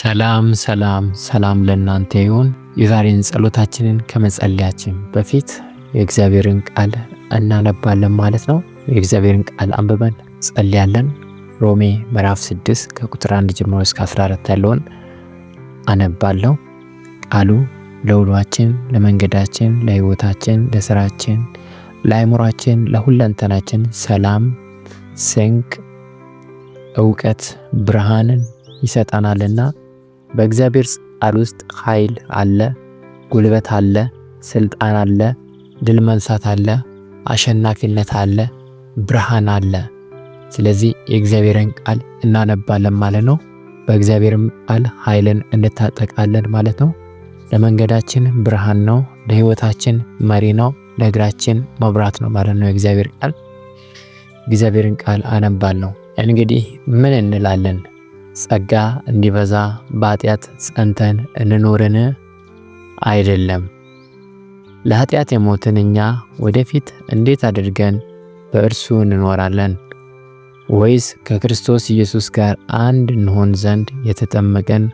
ሰላም ሰላም ሰላም ለእናንተ ይሁን። የዛሬን ጸሎታችንን ከመጸለያችን በፊት የእግዚአብሔርን ቃል እናነባለን ማለት ነው። የእግዚአብሔርን ቃል አንብበን ጸልያለን። ሮሜ ምዕራፍ 6 ከቁጥር 1 ጀምሮ እስከ 14 ያለውን አነባለሁ። ቃሉ ለውሏችን፣ ለመንገዳችን፣ ለህይወታችን፣ ለስራችን፣ ለአእምሯችን፣ ለሁለንተናችን ሰላም፣ ስንቅ፣ እውቀት፣ ብርሃንን ይሰጠናልና በእግዚአብሔር ቃል ውስጥ ኃይል አለ፣ ጉልበት አለ፣ ስልጣን አለ፣ ድል መንሳት አለ፣ አሸናፊነት አለ፣ ብርሃን አለ። ስለዚህ የእግዚአብሔርን ቃል እናነባለን ማለት ነው። በእግዚአብሔርም ቃል ኃይልን እንታጠቃለን ማለት ነው። ለመንገዳችን ብርሃን ነው፣ ለህይወታችን መሪ ነው፣ ለእግራችን መብራት ነው ማለት ነው። የእግዚአብሔር ቃል እግዚአብሔርን ቃል ነው። እንግዲህ ምን እንላለን? ጸጋ እንዲበዛ በኃጢአት ጸንተን እንኖርን? አይደለም። ለኃጢአት የሞትን እኛ ወደፊት እንዴት አድርገን በእርሱ እንኖራለን? ወይስ ከክርስቶስ ኢየሱስ ጋር አንድ እንሆን ዘንድ የተጠመቀን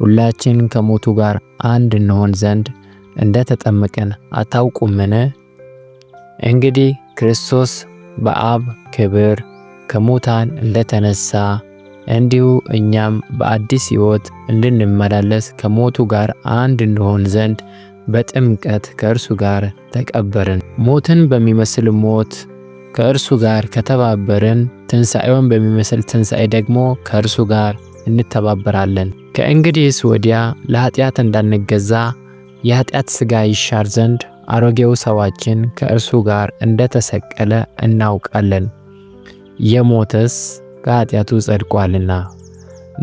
ሁላችን ከሞቱ ጋር አንድ እንሆን ዘንድ እንደ ተጠመቀን አታውቁምን? እንግዲህ ክርስቶስ በአብ ክብር ከሙታን እንደተነሳ እንዲሁ እኛም በአዲስ ሕይወት እንድንመላለስ ከሞቱ ጋር አንድ እንሆን ዘንድ በጥምቀት ከእርሱ ጋር ተቀበርን። ሞትን በሚመስል ሞት ከእርሱ ጋር ከተባበርን፣ ትንሣኤውን በሚመስል ትንሣኤ ደግሞ ከእርሱ ጋር እንተባበራለን። ከእንግዲህስ ወዲያ ለኃጢአት እንዳንገዛ የኃጢአት ሥጋ ይሻር ዘንድ አሮጌው ሰዋችን ከእርሱ ጋር እንደተሰቀለ እናውቃለን። የሞተስ ከኃጢአቱ ጸድቋልና።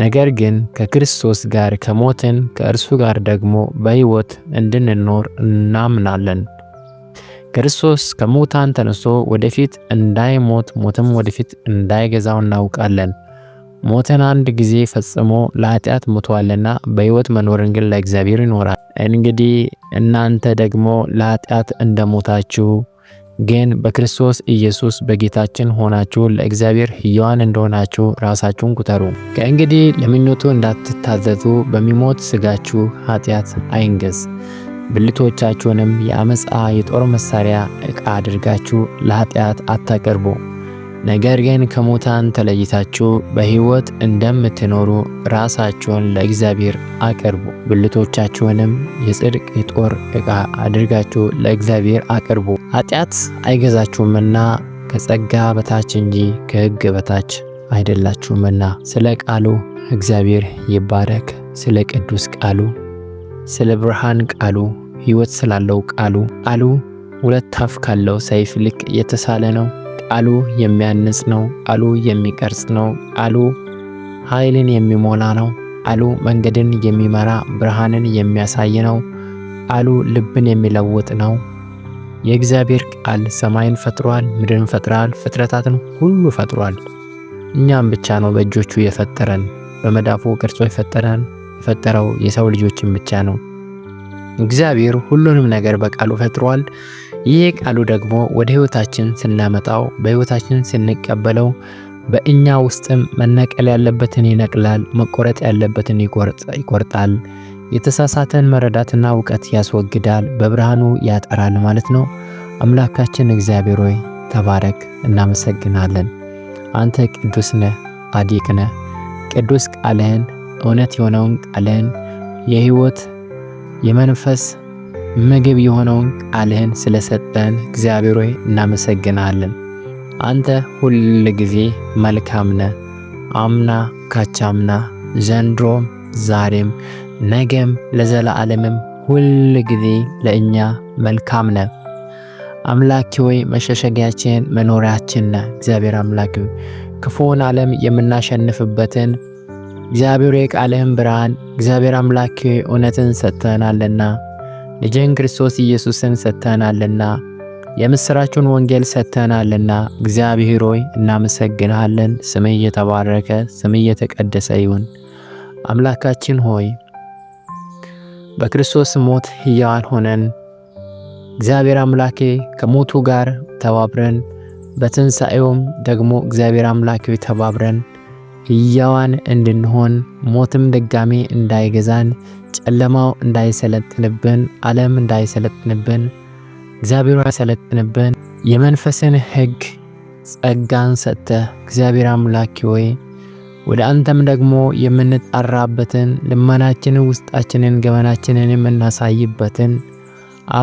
ነገር ግን ከክርስቶስ ጋር ከሞትን ከእርሱ ጋር ደግሞ በሕይወት እንድንኖር እናምናለን። ክርስቶስ ከሙታን ተነስቶ ወደፊት እንዳይሞት ሞትም ወደፊት እንዳይገዛው እናውቃለን። ሞትን አንድ ጊዜ ፈጽሞ ለኃጢአት ሞቷልና በሕይወት መኖርን ግን ለእግዚአብሔር ይኖራል። እንግዲህ እናንተ ደግሞ ለኃጢአት እንደሞታችሁ ግን በክርስቶስ ኢየሱስ በጌታችን ሆናችሁ ለእግዚአብሔር ሕያዋን እንደሆናችሁ ራሳችሁን ቁጠሩ። ከእንግዲህ ለምኞቱ እንዳትታዘዙ በሚሞት ስጋችሁ ኃጢአት አይንገስ። ብልቶቻችሁንም የአመፃ የጦር መሳሪያ ዕቃ አድርጋችሁ ለኃጢአት አታቀርቡ። ነገር ግን ከሙታን ተለይታችሁ በሕይወት እንደምትኖሩ ራሳችሁን ለእግዚአብሔር አቅርቡ፣ ብልቶቻችሁንም የጽድቅ የጦር ዕቃ አድርጋችሁ ለእግዚአብሔር አቅርቡ። ኃጢአት አይገዛችሁምና ከጸጋ በታች እንጂ ከሕግ በታች አይደላችሁምና። ስለ ቃሉ እግዚአብሔር ይባረክ። ስለ ቅዱስ ቃሉ፣ ስለ ብርሃን ቃሉ፣ ሕይወት ስላለው ቃሉ ቃሉ ሁለት አፍ ካለው ሰይፍ ልክ የተሳለ ነው። አሉ የሚያንጽ ነው። አሉ የሚቀርጽ ነው። አሉ ኃይልን የሚሞላ ነው። አሉ መንገድን የሚመራ ብርሃንን የሚያሳይ ነው። አሉ ልብን የሚለውጥ ነው። የእግዚአብሔር ቃል ሰማይን ፈጥሯል፣ ምድርን ፈጥሯል፣ ፍጥረታትን ሁሉ ፈጥሯል። እኛም ብቻ ነው በእጆቹ የፈጠረን በመዳፉ ቅርጾ የፈጠረን የፈጠረው የሰው ልጆችን ብቻ ነው። እግዚአብሔር ሁሉንም ነገር በቃሉ ፈጥሯል። ይህ ቃሉ ደግሞ ወደ ህይወታችን ስናመጣው በህይወታችን ስንቀበለው በእኛ ውስጥም መነቀል ያለበትን ይነቅላል፣ መቆረጥ ያለበትን ይቆርጣል፣ የተሳሳተን መረዳትና እውቀት ያስወግዳል፣ በብርሃኑ ያጠራል ማለት ነው። አምላካችን እግዚአብሔር ሆይ ተባረክ፣ እናመሰግናለን። አንተ ቅዱስ ነህ፣ አዲቅ ነህ። ቅዱስ ቃልህን እውነት የሆነውን ቃልህን የህይወት የመንፈስ ምግብ የሆነውን ቃልህን ስለሰጠን እግዚአብሔር ሆይ እናመሰግናለን። አንተ ሁል ጊዜ መልካም ነህ። አምና ካቻምና ዘንድሮም ዛሬም ነገም ለዘላለምም ሁል ጊዜ ለእኛ መልካም ነህ። አምላኪ ሆይ መሸሸጊያችን መኖሪያችን ነህ። እግዚአብሔር አምላክ ክፉውን ዓለም የምናሸንፍበትን እግዚአብሔር የቃልህን ብርሃን እግዚአብሔር አምላኪ እውነትን ሰጥተናልና ልጅህን ክርስቶስ ኢየሱስን ሰጥተናልና የምሥራቹን ወንጌል ሰጥተናልና እግዚአብሔር ሆይ እናመሰግናለን። ስም እየተባረከ ስም እየተቀደሰ ይሁን። አምላካችን ሆይ በክርስቶስ ሞት ሕያዋን ሆነን እግዚአብሔር አምላኬ ከሞቱ ጋር ተባብረን በትንሣኤውም ደግሞ እግዚአብሔር አምላኬ ተባብረን ህያዋን እንድንሆን ሞትም ድጋሜ እንዳይገዛን ጨለማው እንዳይሰለጥንብን ዓለም እንዳይሰለጥንብን እግዚአብሔር ያሰለጥንብን የመንፈስን ህግ ጸጋን ሰጥተህ እግዚአብሔር አምላኪ ወይ ወደ አንተም ደግሞ የምንጣራበትን ልመናችንን ውስጣችንን ገበናችንን የምናሳይበትን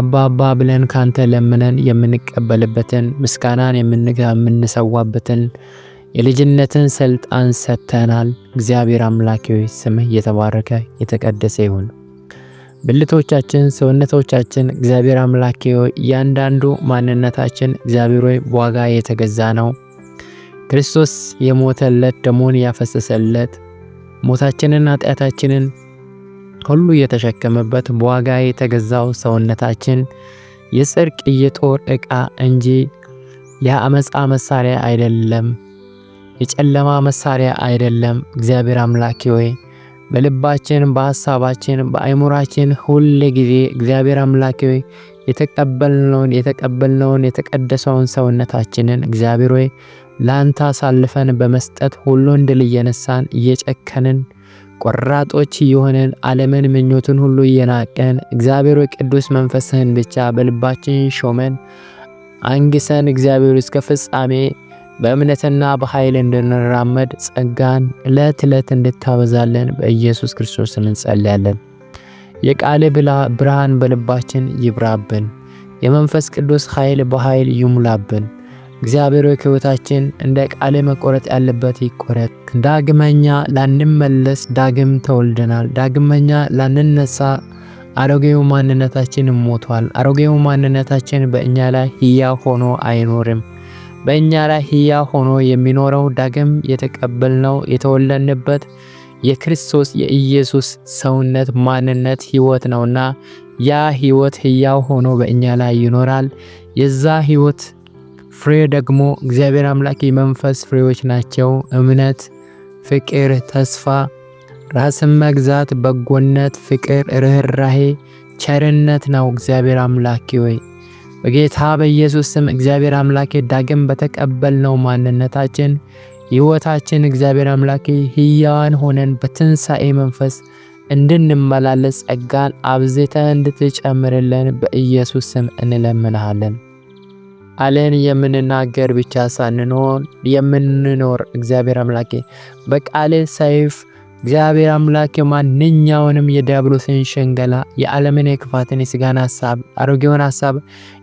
አባ አባ ብለን ካንተ ለምነን የምንቀበልበትን ምስጋናን የምንሰዋበትን የልጅነትን ሥልጣን ሰጥተናል። እግዚአብሔር አምላኬ ስምህ እየተባረከ የተቀደሰ ይሁን። ብልቶቻችን፣ ሰውነቶቻችን እግዚአብሔር አምላኬ ሆይ እያንዳንዱ ማንነታችን እግዚአብሔር ሆይ በዋጋ የተገዛ ነው። ክርስቶስ የሞተለት ደሞን ያፈሰሰለት ሞታችንን ኃጢአታችንን ሁሉ የተሸከመበት በዋጋ የተገዛው ሰውነታችን የጽድቅ የጦር ዕቃ እንጂ የአመፃ መሳሪያ አይደለም። የጨለማ መሳሪያ አይደለም። እግዚአብሔር አምላኬ ሆይ በልባችን፣ በሀሳባችን፣ በአይሙራችን ሁል ጊዜ እግዚአብሔር አምላኬ ሆይ የተቀበልነውን የተቀበልነውን የተቀደሰውን ሰውነታችንን እግዚአብሔር ሆይ ለአንተ አሳልፈን በመስጠት ሁሉን ድል እየነሳን እየጨከንን ቆራጦች የሆነን ዓለምን ምኞትን ሁሉ እየናቀን እግዚአብሔር ቅዱስ መንፈስህን ብቻ በልባችን ሾመን አንግሰን እግዚአብሔር እስከ ፍጻሜ በእምነትና በኃይል እንድንራመድ ጸጋን ዕለት ዕለት እንድታበዛለን በኢየሱስ ክርስቶስ እንጸልያለን። የቃል ብርሃን በልባችን ይብራብን። የመንፈስ ቅዱስ ኃይል በኃይል ይሙላብን። እግዚአብሔር ከሕይወታችን እንደ ቃል መቆረጥ ያለበት ይቆረጥ። ዳግመኛ ላንመለስ ዳግም ተወልደናል። ዳግመኛ ላንነሳ አሮጌው ማንነታችን ሞቷል። አሮጌው ማንነታችን በእኛ ላይ ሕያው ሆኖ አይኖርም። በእኛ ላይ ሕያው ሆኖ የሚኖረው ዳግም የተቀበልነው የተወለድንበት የክርስቶስ የኢየሱስ ሰውነት ማንነት ሕይወት ነውና ያ ሕይወት ሕያው ሆኖ በእኛ ላይ ይኖራል። የዛ ሕይወት ፍሬ ደግሞ እግዚአብሔር አምላክ የመንፈስ ፍሬዎች ናቸው። እምነት፣ ፍቅር፣ ተስፋ፣ ራስን መግዛት፣ በጎነት፣ ፍቅር፣ ርኅራሄ፣ ቸርነት ነው። እግዚአብሔር አምላክ ወይ በጌታ በኢየሱስ ስም እግዚአብሔር አምላኬ ዳግም በተቀበልነው ማንነታችን ሕይወታችን እግዚአብሔር አምላኬ ሕያዋን ሆነን በትንሣኤ መንፈስ እንድንመላለስ ጸጋን አብዝተ እንድትጨምርልን በኢየሱስ ስም እንለምንሃለን። አለን የምንናገር ብቻ ሳንሆን የምንኖር እግዚአብሔር አምላኬ በቃል ሰይፍ እግዚአብሔር አምላክ የማንኛውንም የዲያብሎስን ሸንገላ የዓለምን የክፋትን የስጋን ሀሳብ አሮጌውን ሀሳብ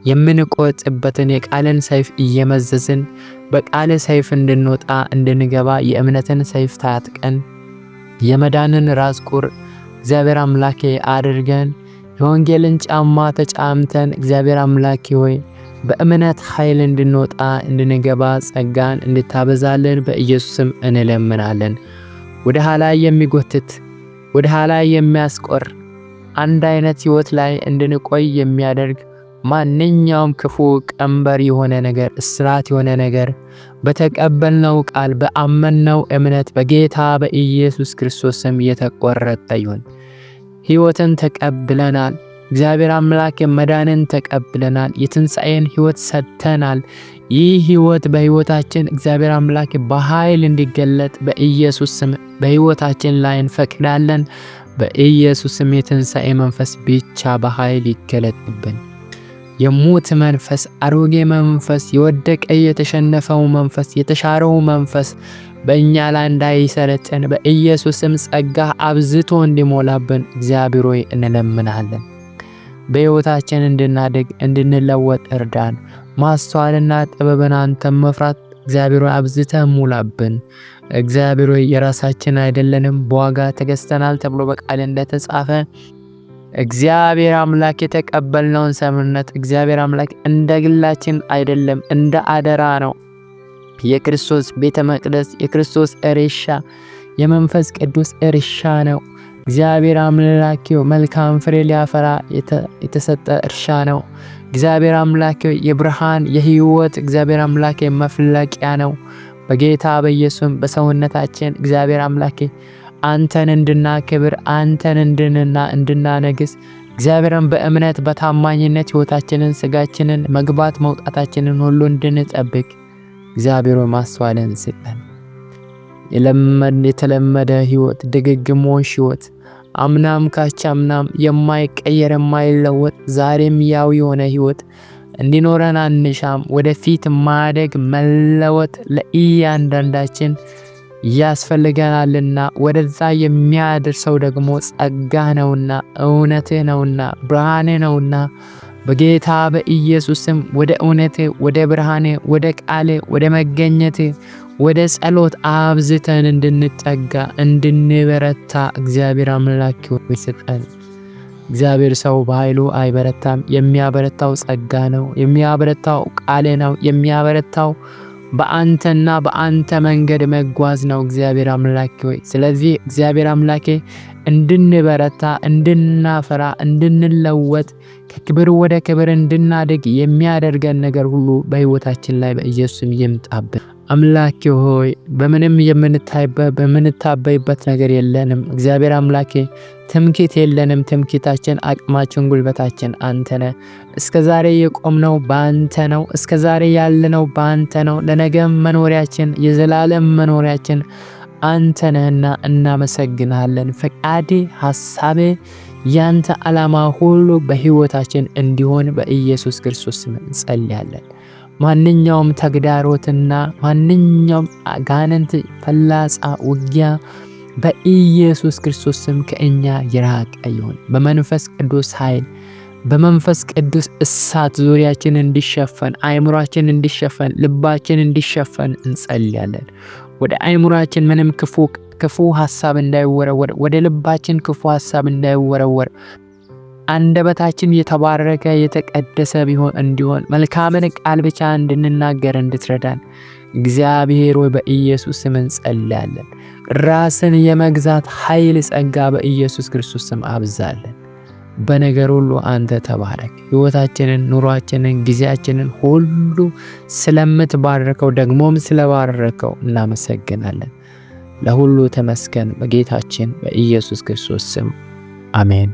የምንቆጥበትን የቃልን ሰይፍ እየመዘዝን በቃል ሰይፍ እንድንወጣ እንድንገባ የእምነትን ሰይፍ ታጥቀን የመዳንን ራስ ቁር እግዚአብሔር አምላኬ አድርገን የወንጌልን ጫማ ተጫምተን እግዚአብሔር አምላኬ ሆይ በእምነት ኃይል እንድንወጣ እንድንገባ ጸጋን እንድታበዛልን በኢየሱስም እንለምናለን። ወደ ኋላ የሚጎትት ወደ ኋላ የሚያስቆር አንድ አይነት ህይወት ላይ እንድንቆይ የሚያደርግ ማንኛውም ክፉ ቀንበር የሆነ ነገር እስራት የሆነ ነገር በተቀበልነው ቃል በአመንነው እምነት በጌታ በኢየሱስ ክርስቶስ ስም የተቆረጠ ይሁን። ህይወትን ተቀብለናል። እግዚአብሔር አምላክ መዳንን ተቀብለናል። የትንሣኤን ህይወት ሰጥተናል። ይህ ህይወት በህይወታችን እግዚአብሔር አምላክ በኃይል እንዲገለጥ በኢየሱስ ስም በህይወታችን ላይ እንፈቅዳለን። በኢየሱስ ስም የትንሣኤ መንፈስ ብቻ በኃይል ይገለጥብን። የሞት መንፈስ፣ አሮጌ መንፈስ፣ የወደቀ የተሸነፈው መንፈስ፣ የተሻረው መንፈስ በእኛ ላይ እንዳይሰለጥን በኢየሱስም ጸጋ አብዝቶ እንዲሞላብን እግዚአብሔር ሆይ እንለምናለን። በሕይወታችን እንድናድግ እንድንለወጥ እርዳን። ማስተዋልና ጥበብን አንተን መፍራት እግዚአብሔር አብዝተ ሙላብን። እግዚአብሔር የራሳችን አይደለንም፣ በዋጋ ተገዝተናል ተብሎ በቃል እንደተጻፈ እግዚአብሔር አምላክ የተቀበልነውን ሰምነት እግዚአብሔር አምላክ እንደ ግላችን አይደለም፣ እንደ አደራ ነው። የክርስቶስ ቤተ መቅደስ የክርስቶስ እርሻ የመንፈስ ቅዱስ እርሻ ነው። እግዚአብሔር አምላኬው መልካም ፍሬ ሊያፈራ የተሰጠ እርሻ ነው። እግዚአብሔር አምላኬው የብርሃን የህይወት እግዚአብሔር አምላኬ መፍለቂያ ነው። በጌታ በኢየሱስም በሰውነታችን እግዚአብሔር አምላኬ አንተን ክብር አንተን እንድንና እንድናነግስ እግዚአብሔርን በእምነት በታማኝነት ህይወታችንን ስጋችንን መግባት መውጣታችንን ሁሉ እንድንጠብቅ እግዚአብሔር ማስተዋልን ስጠን። የተለመደ ህይወት፣ ድግግሞሽ ህይወት፣ አምናም ካቻምናም የማይቀየር የማይለወጥ ዛሬም ያው የሆነ ህይወት እንዲኖረን አንሻም። ወደፊት ማደግ መለወጥ ለእያንዳንዳችን ያስፈልገናልና ወደዛ የሚያደርሰው ደግሞ ጸጋ ነውና እውነትህ ነውና ብርሃንህ ነውና በጌታ በኢየሱስም ወደ እውነት ወደ ብርሃኔ ወደ ቃሌ ወደ መገኘት ወደ ጸሎት አብዝተን እንድንጠጋ እንድንበረታ እግዚአብሔር አምላክ ይስጠን። እግዚአብሔር ሰው በኃይሉ አይበረታም። የሚያበረታው ጸጋ ነው። የሚያበረታው ቃል ነው። የሚያበረታው በአንተና በአንተ መንገድ መጓዝ ነው። እግዚአብሔር አምላኬ ሆይ ስለዚህ እግዚአብሔር አምላኬ እንድንበረታ፣ እንድናፈራ፣ እንድንለወጥ ከክብር ወደ ክብር እንድናድግ የሚያደርገን ነገር ሁሉ በሕይወታችን ላይ በኢየሱስም ይምጣብን። አምላኬ ሆይ በምንም የምንታይበት በምንታበይበት ነገር የለንም። እግዚአብሔር አምላኬ ትምክህት የለንም። ትምክህታችን፣ አቅማችን፣ ጉልበታችን አንተ ነህ። እስከ ዛሬ የቆምነው በአንተ ነው። እስከ ዛሬ ያለነው በአንተ ነው። ለነገም መኖሪያችን፣ የዘላለም መኖሪያችን አንተ ነህና እናመሰግናለን። ፈቃዴ፣ ሀሳቤ ያንተ ዓላማ ሁሉ በህይወታችን እንዲሆን በኢየሱስ ክርስቶስ ስም እንጸልያለን። ማንኛውም ተግዳሮትና ማንኛውም አጋንንት ፈላጻ ውጊያ በኢየሱስ ክርስቶስ ስም ከእኛ የራቀ ይሁን። በመንፈስ ቅዱስ ኃይል በመንፈስ ቅዱስ እሳት ዙሪያችን እንዲሸፈን፣ አይምሯችን እንዲሸፈን፣ ልባችን እንዲሸፈን እንጸልያለን። ወደ አይምሯችን ምንም ክፉ ክፉ ሀሳብ እንዳይወረወር፣ ወደ ልባችን ክፉ ሀሳብ እንዳይወረወር አንደበታችን የተባረከ የተቀደሰ ቢሆን እንዲሆን መልካምን ቃል ብቻ እንድንናገር እንድትረዳን እግዚአብሔር ሆይ በኢየሱስ ስም እንጸልያለን። ራስን የመግዛት ኃይል ጸጋ በኢየሱስ ክርስቶስ ስም አብዛለን። በነገር ሁሉ አንተ ተባረክ። ሕይወታችንን፣ ኑሯችንን፣ ጊዜያችንን ሁሉ ስለምትባረከው ደግሞም ስለባረከው እናመሰግናለን። ለሁሉ ተመስገን በጌታችን በኢየሱስ ክርስቶስ ስም አሜን።